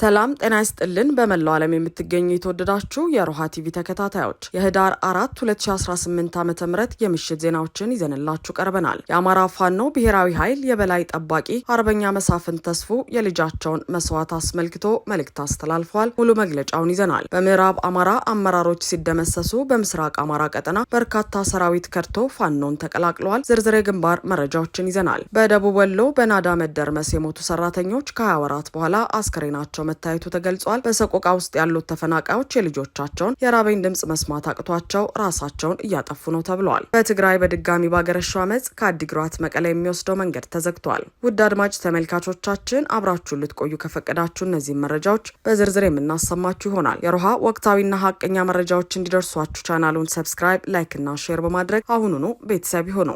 ሰላም ጤና ይስጥልን። በመላው ዓለም የምትገኙ የተወደዳችሁ የሮሃ ቲቪ ተከታታዮች የህዳር አራት 2018 ዓ ም የምሽት ዜናዎችን ይዘንላችሁ ቀርበናል። የአማራ ፋኖ ብሔራዊ ኃይል የበላይ ጠባቂ አርበኛ መሳፍን ተስፉ የልጃቸውን መስዋዕት አስመልክቶ መልእክት አስተላልፏል። ሙሉ መግለጫውን ይዘናል። በምዕራብ አማራ አመራሮች ሲደመሰሱ፣ በምስራቅ አማራ ቀጠና በርካታ ሰራዊት ከድቶ ፋኖን ተቀላቅለዋል። ዝርዝር የግንባር መረጃዎችን ይዘናል። በደቡብ ወሎ በናዳ መደርመስ የሞቱ ሰራተኞች ከ24 በኋላ አስከሬናቸው መታየቱ ተገልጿል። በሰቆቃ ውስጥ ያሉት ተፈናቃዮች የልጆቻቸውን የራበኝ ድምጽ መስማት አቅቷቸው ራሳቸውን እያጠፉ ነው ተብሏል። በትግራይ በድጋሚ ባገረሸው አመፅ ከአዲግራት መቀለ የሚወስደው መንገድ ተዘግቷል። ውድ አድማጭ ተመልካቾቻችን አብራችሁን ልትቆዩ ከፈቀዳችሁ እነዚህን መረጃዎች በዝርዝር የምናሰማችሁ ይሆናል። የሮሃ ወቅታዊና ሀቀኛ መረጃዎች እንዲደርሷችሁ ቻናሉን ሰብስክራይብ፣ ላይክ እና ሼር በማድረግ አሁኑኑ ቤተሰብ ይሁኑ።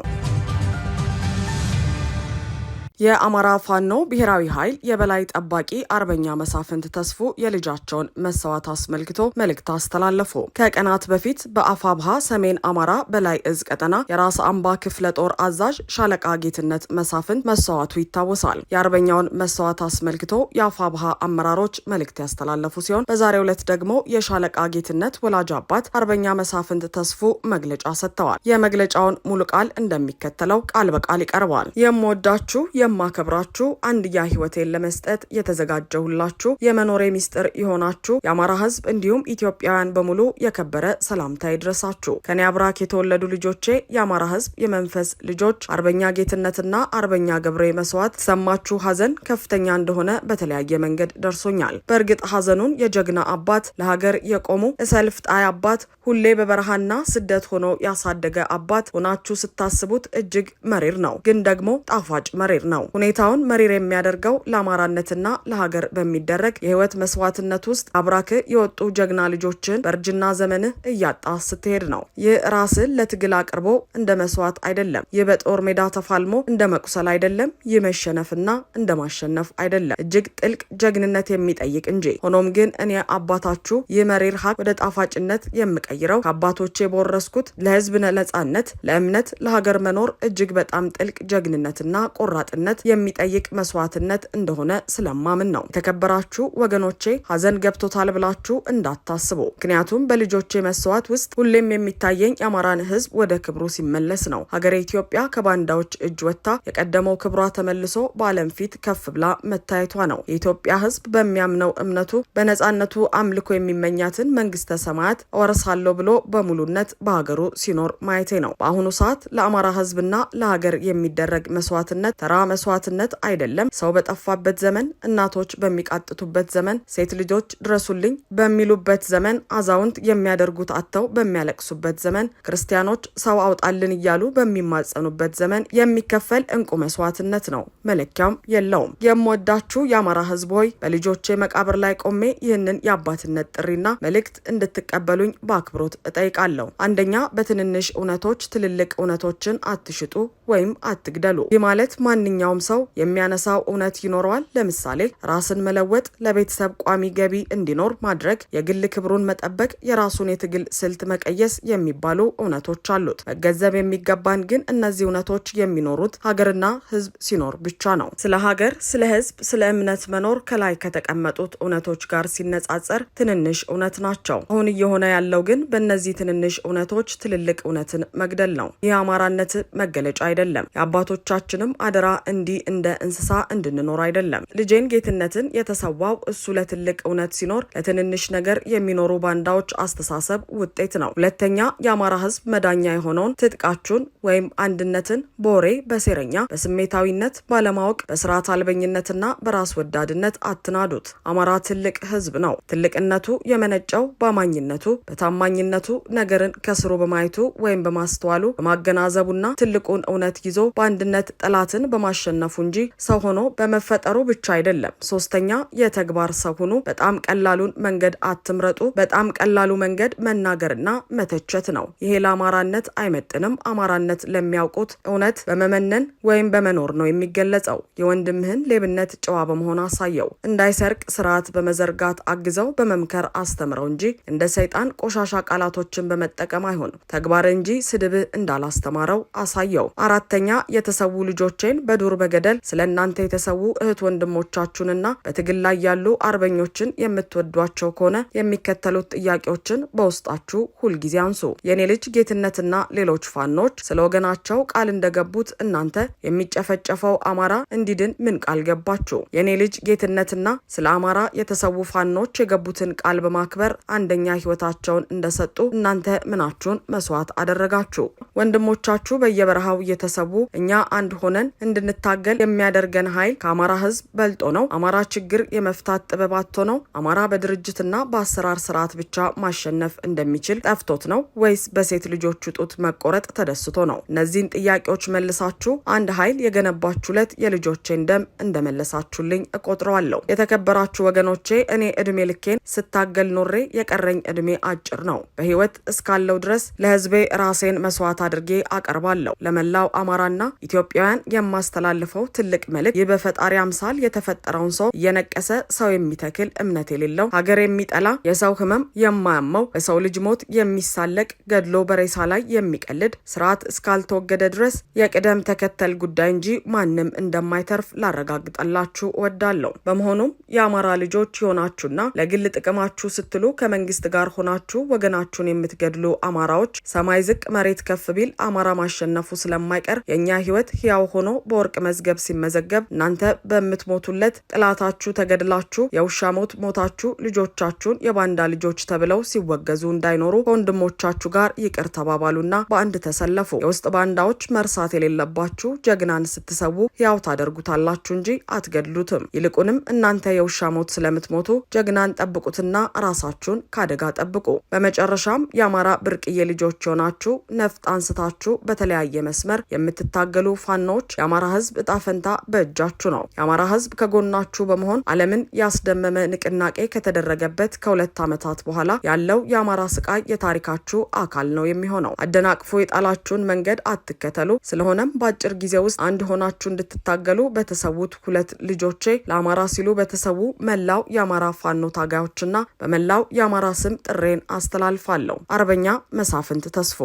የአማራ ፋኖ ብሔራዊ ኃይል የበላይ ጠባቂ አርበኛ መሳፍንት ተስፎ የልጃቸውን መሰዋት አስመልክቶ መልእክት አስተላለፉ። ከቀናት በፊት በአፋብሃ ሰሜን አማራ በላይ እዝ ቀጠና የራስ አምባ ክፍለ ጦር አዛዥ ሻለቃ ጌትነት መሳፍንት መሰዋቱ ይታወሳል። የአርበኛውን መሰዋት አስመልክቶ የአፋብሃ አመራሮች መልእክት ያስተላለፉ ሲሆን በዛሬው ዕለት ደግሞ የሻለቃ ጌትነት ወላጅ አባት አርበኛ መሳፍንት ተስፎ መግለጫ ሰጥተዋል። የመግለጫውን ሙሉ ቃል እንደሚከተለው ቃል በቃል ይቀርባል። የምወዳችሁ ስለማከብራችሁ አንድያ ህይወቴን ለመስጠት የተዘጋጀሁላችሁ የመኖሬ ሚስጥር የሆናችሁ የአማራ ህዝብ እንዲሁም ኢትዮጵያውያን በሙሉ የከበረ ሰላምታ ይድረሳችሁ። ከኔ አብራክ የተወለዱ ልጆቼ የአማራ ህዝብ የመንፈስ ልጆች አርበኛ ጌትነትና አርበኛ ገብሬ መስዋዕት ሰማችሁ ሀዘን ከፍተኛ እንደሆነ በተለያየ መንገድ ደርሶኛል። በእርግጥ ሀዘኑን የጀግና አባት ለሀገር የቆሙ እሰልፍ ጣይ አባት ሁሌ በበረሃና ስደት ሆኖ ያሳደገ አባት ሆናችሁ ስታስቡት እጅግ መሪር ነው፣ ግን ደግሞ ጣፋጭ መሪር ነው። ነው። ሁኔታውን መሪር የሚያደርገው ለአማራነትና ለሀገር በሚደረግ የህይወት መስዋዕትነት ውስጥ አብራክ የወጡ ጀግና ልጆችን በእርጅና ዘመንህ እያጣ ስትሄድ ነው። ይህ ራስን ለትግል አቅርቦ እንደ መስዋዕት አይደለም። ይህ በጦር ሜዳ ተፋልሞ እንደ መቁሰል አይደለም። ይህ መሸነፍና እንደ ማሸነፍ አይደለም፣ እጅግ ጥልቅ ጀግንነት የሚጠይቅ እንጂ። ሆኖም ግን እኔ አባታችሁ ይህ መሪር ሀቅ ወደ ጣፋጭነት የምቀይረው ከአባቶቼ በወረስኩት ለህዝብ ነጻነት፣ ለእምነት፣ ለሀገር መኖር እጅግ በጣም ጥልቅ ጀግንነትና ቆራጥነት ነጻነት የሚጠይቅ መስዋዕትነት እንደሆነ ስለማምን ነው። የተከበራችሁ ወገኖቼ ሀዘን ገብቶታል ብላችሁ እንዳታስቡ። ምክንያቱም በልጆቼ መስዋዕት ውስጥ ሁሌም የሚታየኝ የአማራን ህዝብ ወደ ክብሩ ሲመለስ ነው። ሀገሬ ኢትዮጵያ ከባንዳዎች እጅ ወጥታ የቀደመው ክብሯ ተመልሶ በዓለም ፊት ከፍ ብላ መታየቷ ነው። የኢትዮጵያ ህዝብ በሚያምነው እምነቱ በነጻነቱ አምልኮ የሚመኛትን መንግስተ ሰማያት እወርሳለሁ ብሎ በሙሉነት በሀገሩ ሲኖር ማየቴ ነው። በአሁኑ ሰዓት ለአማራ ህዝብና ለሀገር የሚደረግ መስዋዕትነት ተራ መስዋዕትነት አይደለም። ሰው በጠፋበት ዘመን፣ እናቶች በሚቃጥቱበት ዘመን፣ ሴት ልጆች ድረሱልኝ በሚሉበት ዘመን፣ አዛውንት የሚያደርጉት አጥተው በሚያለቅሱበት ዘመን፣ ክርስቲያኖች ሰው አውጣልን እያሉ በሚማጸኑበት ዘመን የሚከፈል እንቁ መስዋዕትነት ነው። መለኪያም የለውም። የምወዳችሁ የአማራ ህዝብ ሆይ በልጆቼ መቃብር ላይ ቆሜ ይህንን የአባትነት ጥሪና መልእክት እንድትቀበሉኝ በአክብሮት እጠይቃለሁ። አንደኛ፣ በትንንሽ እውነቶች ትልልቅ እውነቶችን አትሽጡ ወይም አትግደሉ። ይህ ማለት ማንኛውም ሰው የሚያነሳው እውነት ይኖረዋል። ለምሳሌ ራስን መለወጥ፣ ለቤተሰብ ቋሚ ገቢ እንዲኖር ማድረግ፣ የግል ክብሩን መጠበቅ፣ የራሱን የትግል ስልት መቀየስ የሚባሉ እውነቶች አሉት። መገንዘብ የሚገባን ግን እነዚህ እውነቶች የሚኖሩት ሀገርና ሕዝብ ሲኖር ብቻ ነው። ስለ ሀገር፣ ስለ ህዝብ ስለ እምነት መኖር ከላይ ከተቀመጡት እውነቶች ጋር ሲነጻጸር ትንንሽ እውነት ናቸው። አሁን እየሆነ ያለው ግን በእነዚህ ትንንሽ እውነቶች ትልልቅ እውነትን መግደል ነው። ይህ አማራነት መገለጫ አይደለም። አይደለም። የአባቶቻችንም አደራ እንዲህ እንደ እንስሳ እንድንኖር አይደለም። ልጄን ጌትነትን የተሰዋው እሱ ለትልቅ እውነት ሲኖር ለትንንሽ ነገር የሚኖሩ ባንዳዎች አስተሳሰብ ውጤት ነው። ሁለተኛ የአማራ ሕዝብ መዳኛ የሆነውን ትጥቃችሁን ወይም አንድነትን በወሬ በሴረኛ በስሜታዊነት ባለማወቅ በስርዓት አልበኝነትና በራስ ወዳድነት አትናዱት። አማራ ትልቅ ሕዝብ ነው። ትልቅነቱ የመነጨው በአማኝነቱ በታማኝነቱ ነገርን ከስሩ በማየቱ ወይም በማስተዋሉ በማገናዘቡና ትልቁን እውነት ጥረት ይዞ በአንድነት ጠላትን በማሸነፉ እንጂ ሰው ሆኖ በመፈጠሩ ብቻ አይደለም። ሶስተኛ የተግባር ሰው ሁኑ። በጣም ቀላሉን መንገድ አትምረጡ። በጣም ቀላሉ መንገድ መናገርና መተቸት ነው። ይሄ ለአማራነት አይመጥንም። አማራነት ለሚያውቁት እውነት በመመነን ወይም በመኖር ነው የሚገለጸው። የወንድምህን ሌብነት ጨዋ በመሆን አሳየው። እንዳይሰርቅ ስርዓት በመዘርጋት አግዘው፣ በመምከር አስተምረው እንጂ እንደ ሰይጣን ቆሻሻ ቃላቶችን በመጠቀም አይሆን። ተግባር እንጂ ስድብህ እንዳላስተማረው አሳየው። አራተኛ የተሰዉ ልጆቼን በዱር በገደል ስለ እናንተ የተሰዉ እህት ወንድሞቻችሁንና በትግል ላይ ያሉ አርበኞችን የምትወዷቸው ከሆነ የሚከተሉት ጥያቄዎችን በውስጣችሁ ሁልጊዜ አንሱ። የኔ ልጅ ጌትነትና ሌሎች ፋኖች ስለ ወገናቸው ቃል እንደገቡት እናንተ የሚጨፈጨፈው አማራ እንዲድን ምን ቃል ገባችሁ? የኔ ልጅ ጌትነትና ስለ አማራ የተሰዉ ፋኖች የገቡትን ቃል በማክበር አንደኛ ህይወታቸውን እንደሰጡ እናንተ ምናችሁን መስዋዕት አደረጋችሁ? ወንድሞቻችሁ በየበረሃው ቤተሰቡ እኛ አንድ ሆነን እንድንታገል የሚያደርገን ኃይል ከአማራ ህዝብ በልጦ ነው። አማራ ችግር የመፍታት ጥበብ አጥቶ ነው። አማራ በድርጅትና በአሰራር ስርዓት ብቻ ማሸነፍ እንደሚችል ጠፍቶት ነው ወይስ በሴት ልጆቹ ጡት መቆረጥ ተደስቶ ነው? እነዚህን ጥያቄዎች መልሳችሁ አንድ ኃይል የገነባችሁለት የልጆቼን ደም እንደመለሳችሁልኝ እቆጥረዋለሁ። የተከበራችሁ ወገኖቼ እኔ እድሜ ልኬን ስታገል ኖሬ የቀረኝ እድሜ አጭር ነው። በህይወት እስካለው ድረስ ለህዝቤ ራሴን መስዋዕት አድርጌ አቀርባለሁ። ለመላው አማራና ኢትዮጵያውያን የማስተላልፈው ትልቅ መልእክት ይህ በፈጣሪ አምሳል የተፈጠረውን ሰው እየነቀሰ ሰው የሚተክል እምነት የሌለው ሀገር የሚጠላ የሰው ህመም የማያመው በሰው ልጅ ሞት የሚሳለቅ ገድሎ በሬሳ ላይ የሚቀልድ ስርዓት እስካልተወገደ ድረስ የቅደም ተከተል ጉዳይ እንጂ ማንም እንደማይተርፍ ላረጋግጠላችሁ እወዳለሁ። በመሆኑም የአማራ ልጆች የሆናችሁና ለግል ጥቅማችሁ ስትሉ ከመንግስት ጋር ሆናችሁ ወገናችሁን የምትገድሉ አማራዎች ሰማይ ዝቅ መሬት ከፍ ቢል አማራ ማሸነፉ ስለማይ ሳይቀር የእኛ ህይወት ህያው ሆኖ በወርቅ መዝገብ ሲመዘገብ እናንተ በምትሞቱለት ጥላታችሁ ተገድላችሁ የውሻ ሞት ሞታችሁ ልጆቻችሁን የባንዳ ልጆች ተብለው ሲወገዙ እንዳይኖሩ ከወንድሞቻችሁ ጋር ይቅር ተባባሉና በአንድ ተሰለፉ። የውስጥ ባንዳዎች መርሳት የሌለባችሁ ጀግናን ስትሰዉ ህያው ታደርጉታላችሁ እንጂ አትገድሉትም። ይልቁንም እናንተ የውሻ ሞት ስለምትሞቱ ጀግናን ጠብቁትና ራሳችሁን ከአደጋ ጠብቁ። በመጨረሻም የአማራ ብርቅዬ ልጆች የሆናችሁ ነፍጥ አንስታችሁ በተለያየ መስመር የምትታገሉ ፋኖዎች የአማራ ህዝብ እጣ ፈንታ በእጃችሁ ነው። የአማራ ህዝብ ከጎናችሁ በመሆን ዓለምን ያስደመመ ንቅናቄ ከተደረገበት ከሁለት ዓመታት በኋላ ያለው የአማራ ስቃይ የታሪካችሁ አካል ነው የሚሆነው። አደናቅፎ የጣላችሁን መንገድ አትከተሉ። ስለሆነም በአጭር ጊዜ ውስጥ አንድ ሆናችሁ እንድትታገሉ በተሰዉት ሁለት ልጆቼ ለአማራ ሲሉ በተሰዉ መላው የአማራ ፋኖ ታጋዮችና በመላው የአማራ ስም ጥሬን አስተላልፋለሁ። አርበኛ መሳፍንት ተስፎ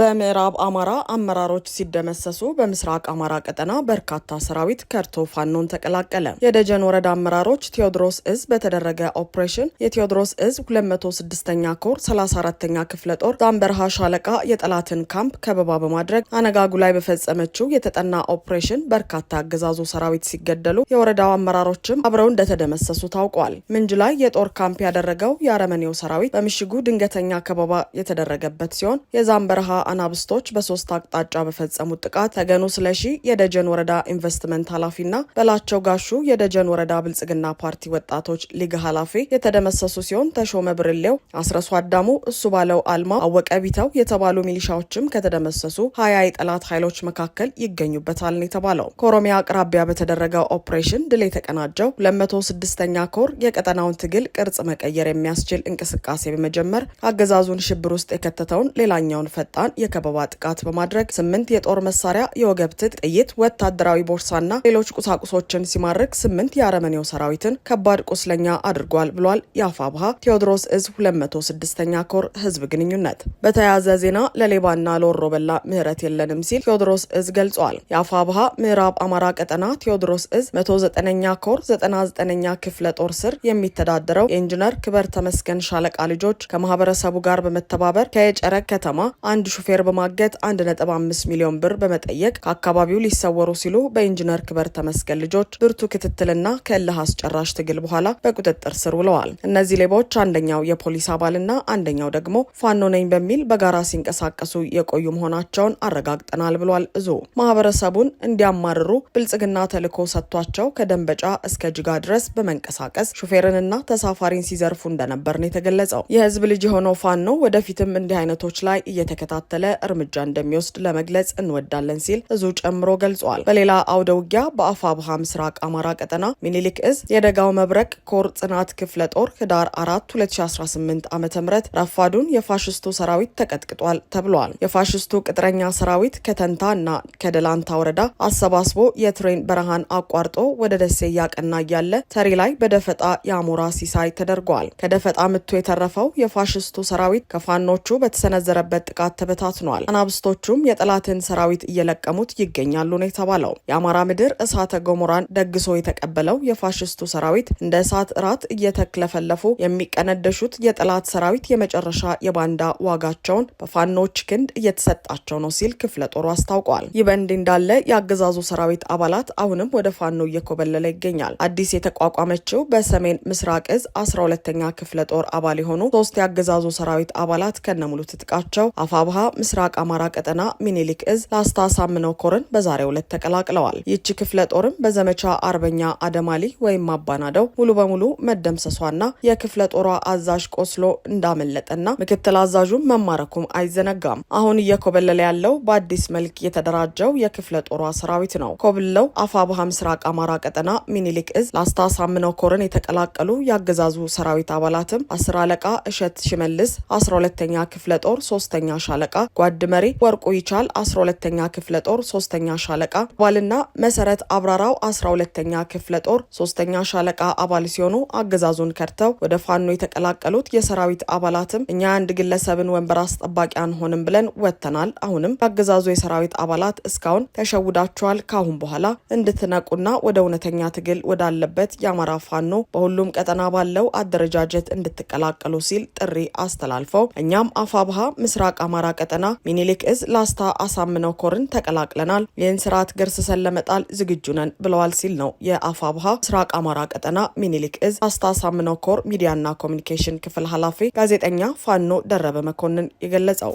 በምዕራብ አማራ አመራሮች ሲደመሰሱ በምስራቅ አማራ ቀጠና በርካታ ሰራዊት ከርቶ ፋኖን ተቀላቀለ። የደጀን ወረዳ አመራሮች ቴዎድሮስ እዝ በተደረገ ኦፕሬሽን የቴዎድሮስ እዝ 206ኛ ኮር 34ኛ ክፍለ ጦር ዛምበርሃ ሻለቃ የጠላትን ካምፕ ከበባ በማድረግ አነጋጉ ላይ በፈጸመችው የተጠና ኦፕሬሽን በርካታ አገዛዙ ሰራዊት ሲገደሉ የወረዳው አመራሮችም አብረው እንደተደመሰሱ ታውቋል። ምንጅ ላይ የጦር ካምፕ ያደረገው የአረመኔው ሰራዊት በምሽጉ ድንገተኛ ከበባ የተደረገበት ሲሆን የዛምበርሃ አናብስቶች በሶስት አቅጣጫ በፈጸሙት ጥቃት ተገኑ ስለሺ የደጀን ወረዳ ኢንቨስትመንት ኃላፊና በላቸው ጋሹ የደጀን ወረዳ ብልጽግና ፓርቲ ወጣቶች ሊግ ኃላፊ የተደመሰሱ ሲሆን ተሾመ ብርሌው፣ አስረሱ አዳሙ፣ እሱ ባለው አልማ፣ አወቀ ቢተው የተባሉ ሚሊሻዎችም ከተደመሰሱ ሀያ የጠላት ኃይሎች መካከል ይገኙበታል ነው የተባለው። ከኦሮሚያ አቅራቢያ በተደረገው ኦፕሬሽን ድል የተቀናጀው 206ኛ ኮር የቀጠናውን ትግል ቅርጽ መቀየር የሚያስችል እንቅስቃሴ በመጀመር አገዛዙን ሽብር ውስጥ የከተተውን ሌላኛውን ፈጣን የከበባ ጥቃት በማድረግ ስምንት የጦር መሳሪያ፣ የወገብ ትጥቅ፣ ጥይት፣ ወታደራዊ ቦርሳና ሌሎች ቁሳቁሶችን ሲማርክ ስምንት የአረመኔው ሰራዊትን ከባድ ቁስለኛ አድርጓል ብሏል። የአፋብሃ ቴዎድሮስ እዝ 206ኛ ኮር ህዝብ ግንኙነት። በተያያዘ ዜና ለሌባና ለወሮ በላ ምህረት የለንም ሲል ቴዎድሮስ እዝ ገልጿል። የአፋብሃ ምዕራብ አማራ ቀጠና ቴዎድሮስ እዝ 109ኛ ኮር 99ኛ ክፍለ ጦር ስር የሚተዳደረው የኢንጂነር ክበር ተመስገን ሻለቃ ልጆች ከማህበረሰቡ ጋር በመተባበር ከየጨረቅ ከተማ አንድ ሹፌር በማገት 1.5 ሚሊዮን ብር በመጠየቅ ከአካባቢው ሊሰወሩ ሲሉ በኢንጂነር ክበር ተመስገን ልጆች ብርቱ ክትትልና ከእልህ አስጨራሽ ትግል በኋላ በቁጥጥር ስር ውለዋል። እነዚህ ሌቦች አንደኛው የፖሊስ አባልና አንደኛው ደግሞ ፋኖ ነኝ በሚል በጋራ ሲንቀሳቀሱ የቆዩ መሆናቸውን አረጋግጠናል ብሏል። እዙ ማህበረሰቡን እንዲያማርሩ ብልጽግና ተልዕኮ ሰጥቷቸው ከደንበጫ እስከ ጅጋ ድረስ በመንቀሳቀስ ሹፌርንና ተሳፋሪን ሲዘርፉ እንደነበር ነው የተገለጸው። የህዝብ ልጅ የሆነው ፋኖ ወደፊትም እንዲህ አይነቶች ላይ እየተከታተ እየተከታተለ እርምጃ እንደሚወስድ ለመግለጽ እንወዳለን ሲል እዙ ጨምሮ ገልጿል። በሌላ አውደ ውጊያ በአፋብሃ ምስራቅ አማራ ቀጠና ሚኒሊክ እዝ የደጋው መብረቅ ኮር ጽናት ክፍለ ጦር ህዳር 4 2018 ዓ ም ረፋዱን የፋሽስቱ ሰራዊት ተቀጥቅጧል ተብሏል። የፋሽስቱ ቅጥረኛ ሰራዊት ከተንታ እና ከደላንታ ወረዳ አሰባስቦ የትሬን በረሃን አቋርጦ ወደ ደሴ እያቀና እያለ ተሪ ላይ በደፈጣ የአሞራ ሲሳይ ተደርጓል። ከደፈጣ ምቱ የተረፈው የፋሽስቱ ሰራዊት ከፋኖቹ በተሰነዘረበት ጥቃት ተበት ተበታትኗል። አናብስቶቹም የጠላትን ሰራዊት እየለቀሙት ይገኛሉ ነው የተባለው። የአማራ ምድር እሳተ ገሞራን ደግሶ የተቀበለው የፋሽስቱ ሰራዊት እንደ እሳት እራት እየተክለፈለፉ የሚቀነደሹት የጠላት ሰራዊት የመጨረሻ የባንዳ ዋጋቸውን በፋኖች ክንድ እየተሰጣቸው ነው ሲል ክፍለ ጦሩ አስታውቋል። ይህ በእንዲህ እንዳለ የአገዛዙ ሰራዊት አባላት አሁንም ወደ ፋኖ እየኮበለለ ይገኛል። አዲስ የተቋቋመችው በሰሜን ምስራቅ እዝ አስራ ሁለተኛ ክፍለ ጦር አባል የሆኑ ሶስት የአገዛዙ ሰራዊት አባላት ከነሙሉ ትጥቃቸው አፋብሃ ምስራቅ አማራ ቀጠና ሚኒሊክ እዝ ላስታ ሳምነው ኮርን በዛሬው ዕለት ተቀላቅለዋል። ይቺ ክፍለ ጦርም በዘመቻ አርበኛ አደማሊ ወይም አባናደው ሙሉ በሙሉ መደምሰሷና የክፍለ ጦሯ አዛዥ ቆስሎ እንዳመለጠና ምክትል አዛዡም መማረኩም አይዘነጋም። አሁን እየኮበለለ ያለው በአዲስ መልክ የተደራጀው የክፍለ ጦሯ ሰራዊት ነው። ኮብለው አፋብሃ ምስራቅ አማራ ቀጠና ሚኒሊክ እዝ ላስታ ሳምነው ኮርን የተቀላቀሉ የአገዛዙ ሰራዊት አባላትም አስር አለቃ እሸት ሽመልስ አስራ ሁለተኛ ክፍለ ጦር ሶስተኛ ሻለቃ ጓድ መሪ ወርቁ ይቻል 12ተኛ ክፍለ ጦር ሶስተኛ ሻለቃ አባልና መሰረት አብራራው 12ተኛ ክፍለ ጦር ሶስተኛ ሻለቃ አባል ሲሆኑ አገዛዙን ከድተው ወደ ፋኖ የተቀላቀሉት የሰራዊት አባላትም እኛ አንድ ግለሰብን ወንበር አስጠባቂ አንሆንም ብለን ወጥተናል። አሁንም የአገዛዙ የሰራዊት አባላት እስካሁን ተሸውዳችኋል። ካሁን በኋላ እንድትነቁና ወደ እውነተኛ ትግል ወዳለበት የአማራ ፋኖ በሁሉም ቀጠና ባለው አደረጃጀት እንድትቀላቀሉ ሲል ጥሪ አስተላልፈው እኛም አፋብሃ ምስራቅ አማራ ቀጠና ሚኒሊክ እዝ ላስታ አሳምነው ኮርን ተቀላቅለናል፣ ይህን ስርዓት ገርስሰን ለመጣል ዝግጁ ነን ብለዋል ሲል ነው የአፋ ብሃ ምስራቅ አማራ ቀጠና ሚኒሊክ እዝ ላስታ አሳምነው ኮር ሚዲያና ኮሚኒኬሽን ክፍል ኃላፊ ጋዜጠኛ ፋኖ ደረበ መኮንን የገለጸው።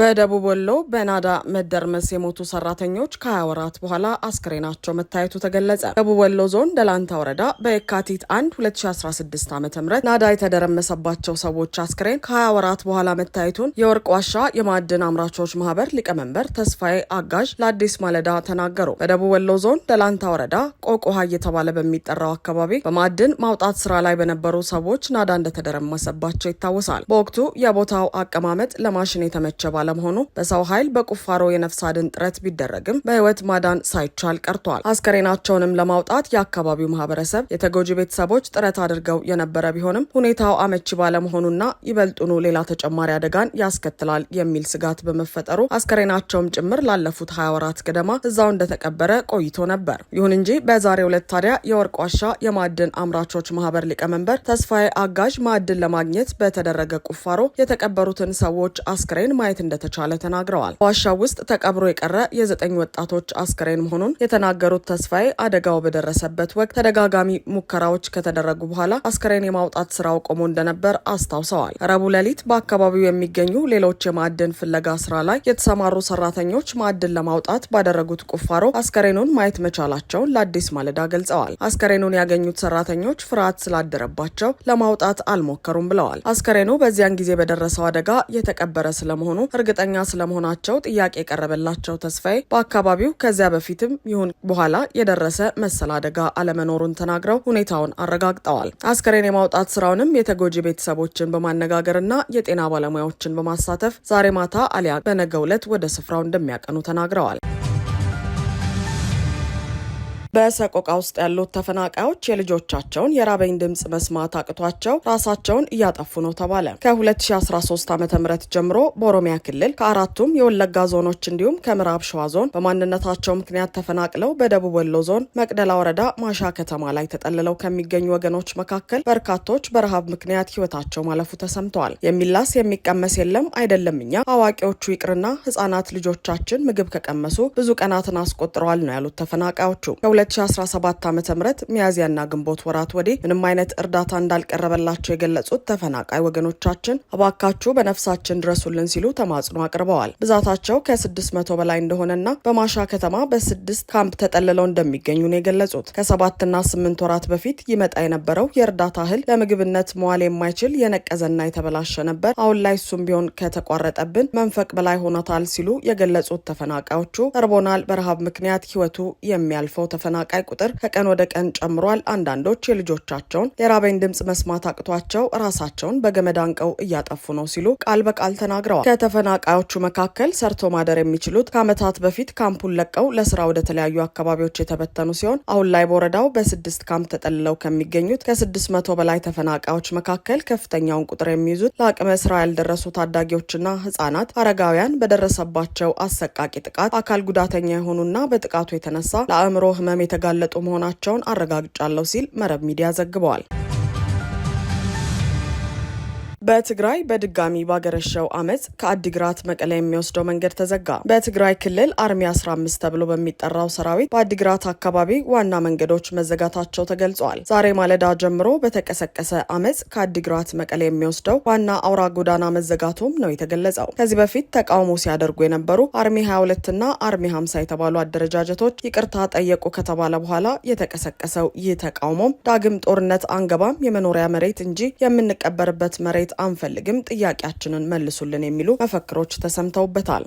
በደቡብ ወሎ በናዳ መደርመስ የሞቱ ሰራተኞች ከሀያ ወራት በኋላ አስክሬናቸው መታየቱ ተገለጸ። ደቡብ ወሎ ዞን ደላንታ ወረዳ በየካቲት 1 2016 ዓ ም ናዳ የተደረመሰባቸው ሰዎች አስክሬን ከሀያ ወራት በኋላ መታየቱን የወርቅ ዋሻ የማዕድን አምራቾች ማህበር ሊቀመንበር ተስፋዬ አጋዥ ለአዲስ ማለዳ ተናገሩ። በደቡብ ወሎ ዞን ደላንታ ወረዳ ቆቆሃ እየተባለ በሚጠራው አካባቢ በማዕድን ማውጣት ስራ ላይ በነበሩ ሰዎች ናዳ እንደተደረመሰባቸው ይታወሳል። በወቅቱ የቦታው አቀማመጥ ለማሽን የተመቸ ባለ ባለመሆኑ በሰው ኃይል በቁፋሮ የነፍስ አድን ጥረት ቢደረግም በህይወት ማዳን ሳይቻል ቀርቷል። አስከሬናቸውንም ለማውጣት የአካባቢው ማህበረሰብ፣ የተጎጂ ቤተሰቦች ጥረት አድርገው የነበረ ቢሆንም ሁኔታው አመቺ ባለመሆኑና ይበልጡኑ ሌላ ተጨማሪ አደጋን ያስከትላል የሚል ስጋት በመፈጠሩ አስከሬናቸውም ጭምር ላለፉት ሀያ ወራት ገደማ እዛው እንደተቀበረ ቆይቶ ነበር። ይሁን እንጂ በዛሬው ዕለት ታዲያ የወርቅ ዋሻ የማዕድን አምራቾች ማህበር ሊቀመንበር ተስፋዬ አጋዥ ማዕድን ለማግኘት በተደረገ ቁፋሮ የተቀበሩትን ሰዎች አስክሬን ማየት እንደተቻለ ተናግረዋል። በዋሻው ውስጥ ተቀብሮ የቀረ የዘጠኝ ወጣቶች አስከሬን መሆኑን የተናገሩት ተስፋዬ አደጋው በደረሰበት ወቅት ተደጋጋሚ ሙከራዎች ከተደረጉ በኋላ አስከሬን የማውጣት ስራው ቆሞ እንደነበር አስታውሰዋል። ረቡዕ ሌሊት በአካባቢው የሚገኙ ሌሎች የማዕድን ፍለጋ ስራ ላይ የተሰማሩ ሰራተኞች ማዕድን ለማውጣት ባደረጉት ቁፋሮ አስከሬኑን ማየት መቻላቸውን ለአዲስ ማለዳ ገልጸዋል። አስከሬኑን ያገኙት ሰራተኞች ፍርሃት ስላደረባቸው ለማውጣት አልሞከሩም ብለዋል። አስከሬኑ በዚያን ጊዜ በደረሰው አደጋ የተቀበረ ስለመሆኑ እርግጠኛ ስለመሆናቸው ጥያቄ የቀረበላቸው ተስፋዬ በአካባቢው ከዚያ በፊትም ይሁን በኋላ የደረሰ መሰል አደጋ አለመኖሩን ተናግረው ሁኔታውን አረጋግጠዋል። አስከሬን የማውጣት ስራውንም የተጎጂ ቤተሰቦችን በማነጋገርና የጤና ባለሙያዎችን በማሳተፍ ዛሬ ማታ አሊያ በነገ ዕለት ወደ ስፍራው እንደሚያቀኑ ተናግረዋል። በሰቆቃ ውስጥ ያሉት ተፈናቃዮች የልጆቻቸውን የራበኝ ድምፅ መስማት አቅቷቸው ራሳቸውን እያጠፉ ነው ተባለ። ከ2013 ዓ ም ጀምሮ በኦሮሚያ ክልል ከአራቱም የወለጋ ዞኖች እንዲሁም ከምዕራብ ሸዋ ዞን በማንነታቸው ምክንያት ተፈናቅለው በደቡብ ወሎ ዞን መቅደላ ወረዳ ማሻ ከተማ ላይ ተጠልለው ከሚገኙ ወገኖች መካከል በርካቶች በረሃብ ምክንያት ህይወታቸው ማለፉ ተሰምተዋል። የሚላስ የሚቀመስ የለም አይደለም እኛ አዋቂዎቹ ይቅርና ህጻናት ልጆቻችን ምግብ ከቀመሱ ብዙ ቀናትን አስቆጥረዋል ነው ያሉት ተፈናቃዮቹ ከሁለት 2017 ዓ ም ሚያዝያና ግንቦት ወራት ወዲህ ምንም አይነት እርዳታ እንዳልቀረበላቸው የገለጹት ተፈናቃይ ወገኖቻችን እባካችሁ በነፍሳችን ድረሱልን ሲሉ ተማጽኖ አቅርበዋል። ብዛታቸው ከ600 በላይ እንደሆነና በማሻ ከተማ በስድስት ካምፕ ተጠልለው እንደሚገኙ ነው የገለጹት። ከሰባትና ስምንት ወራት በፊት ይመጣ የነበረው የእርዳታ እህል ለምግብነት መዋል የማይችል የነቀዘና የተበላሸ ነበር። አሁን ላይ እሱም ቢሆን ከተቋረጠብን መንፈቅ በላይ ሆኖታል ሲሉ የገለጹት ተፈናቃዮቹ እርቦናል፣ በረሃብ ምክንያት ህይወቱ የሚያልፈው ተፈ ተፈናቃይ ቁጥር ከቀን ወደ ቀን ጨምሯል። አንዳንዶች የልጆቻቸውን የራበኝ ድምፅ መስማት አቅቷቸው ራሳቸውን በገመድ አንቀው እያጠፉ ነው ሲሉ ቃል በቃል ተናግረዋል። ከተፈናቃዮቹ መካከል ሰርቶ ማደር የሚችሉት ከዓመታት በፊት ካምፑን ለቀው ለስራ ወደ ተለያዩ አካባቢዎች የተበተኑ ሲሆን አሁን ላይ በወረዳው በስድስት ካምፕ ተጠልለው ከሚገኙት ከስድስት መቶ በላይ ተፈናቃዮች መካከል ከፍተኛውን ቁጥር የሚይዙት ለአቅመ ስራ ያልደረሱ ታዳጊዎችና ህጻናት፣ አረጋውያን በደረሰባቸው አሰቃቂ ጥቃት አካል ጉዳተኛ የሆኑና በጥቃቱ የተነሳ ለአእምሮ ህመም ለሕመም የተጋለጡ መሆናቸውን አረጋግጫለሁ ሲል መረብ ሚዲያ ዘግበዋል። በትግራይ በድጋሚ ባገረሸው አመፅ ከአዲግራት መቀለ የሚወስደው መንገድ ተዘጋ። በትግራይ ክልል አርሚ 15 ተብሎ በሚጠራው ሰራዊት በአዲግራት አካባቢ ዋና መንገዶች መዘጋታቸው ተገልጿል። ዛሬ ማለዳ ጀምሮ በተቀሰቀሰ አመፅ ከአዲግራት መቀለ የሚወስደው ዋና አውራ ጎዳና መዘጋቱም ነው የተገለጸው። ከዚህ በፊት ተቃውሞ ሲያደርጉ የነበሩ አርሚ 22 እና አርሚ 50 የተባሉ አደረጃጀቶች ይቅርታ ጠየቁ ከተባለ በኋላ የተቀሰቀሰው ይህ ተቃውሞም ዳግም ጦርነት አንገባም፣ የመኖሪያ መሬት እንጂ የምንቀበርበት መሬት ማየት አንፈልግም፣ ጥያቄያችንን መልሱልን የሚሉ መፈክሮች ተሰምተውበታል።